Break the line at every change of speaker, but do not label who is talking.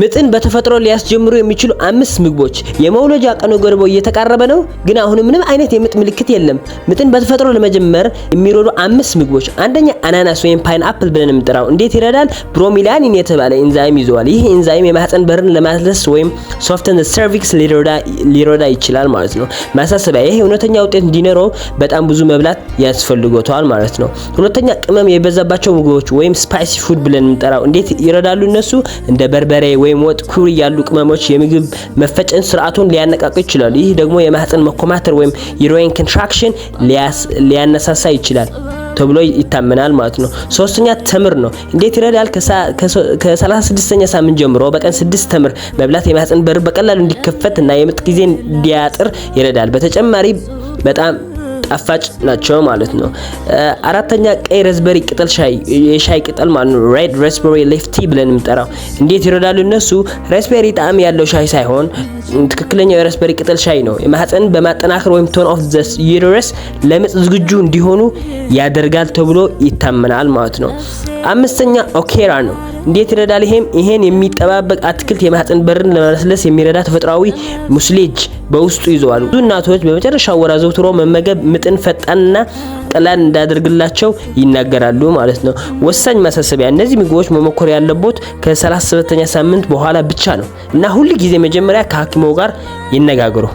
ምጥን በተፈጥሮ ሊያስጀምሩ የሚችሉ አምስት ምግቦች። የመውለጃ ቀኑ ገርቦ እየተቃረበ ነው፣ ግን አሁንም ምንም አይነት የምጥ ምልክት የለም። ምጥን በተፈጥሮ ለመጀመር የሚረዱ አምስት ምግቦች፣ አንደኛ አናናስ ወይም ፓይን አፕል ብለን የምንጠራው እንዴት ይረዳል? ብሮሚላኒን የተባለ ኢንዛይም ይዘዋል። ይህ ኢንዛይም የማህፀን በርን ለማለስ ወይም ሶፍትን ሰርቪክስ ሊረዳ ይችላል ማለት ነው። ማሳሰቢያ፣ ይህ እውነተኛ ውጤት እንዲኖረው በጣም ብዙ መብላት ያስፈልጎታል ማለት ነው። ሁለተኛ ቅመም የበዛባቸው ምግቦች ወይም ስፓይሲ ፉድ ብለን የምንጠራው እንዴት ይረዳሉ? እነሱ እንደ በርበሬ ወይም ወጥ ኩሪ ያሉ ቅመሞች የምግብ መፈጨን ስርዓቱን ሊያነቃቁ ይችላሉ። ይህ ደግሞ የማህፀን መኮማተር ወይም ዩሮይን ኮንትራክሽን ሊያነሳሳ ይችላል ተብሎ ይታመናል ማለት ነው። ሶስተኛ ተምር ነው። እንዴት ይረዳል? ከ36ኛ ሳምንት ጀምሮ በቀን ስድስት ተምር መብላት የማህፀን በር በቀላሉ እንዲከፈት እና የምጥ ጊዜ እንዲያጥር ይረዳል። በተጨማሪ በጣም ጣፋጭ ናቸው ማለት ነው። አራተኛ ቀይ ረዝበሪ ቅጠል ሻይ የሻይ ቅጠል ማለት ነው። ሬድ ሬስበሪ ሊፍቲ ብለን የምጠራው እንዴት ይረዳሉ እነሱ? ሬስበሪ ጣዕም ያለው ሻይ ሳይሆን ትክክለኛው የረዝበሪ ቅጠል ሻይ ነው። የማህፀን በማጠናከር ወይም ቶን ኦፍ ዘ ዩተረስ ለምጽ ዝግጁ እንዲሆኑ ያደርጋል ተብሎ ይታመናል ማለት ነው። አምስተኛ ኦኬራ ነው። እንዴት ይረዳል? ይሄም ይሄን የሚጠባበቅ አትክልት የማህፀን በርን ለማለስለስ የሚረዳ ተፈጥሯዊ ሙስሌጅ በውስጡ ይዘዋል። ብዙ እናቶች በመጨረሻ ወር ዘውትሮ መመገብ ምጥን ፈጣንና ቀላል እንዳደርግላቸው ይናገራሉ ማለት ነው። ወሳኝ ማሳሰቢያ፣ እነዚህ ምግቦች መሞከር ያለቦት ከ37ኛ ሳምንት በኋላ ብቻ ነው እና ሁል ጊዜ መጀመሪያ ከሐኪሞ ጋር ይነጋገሩ።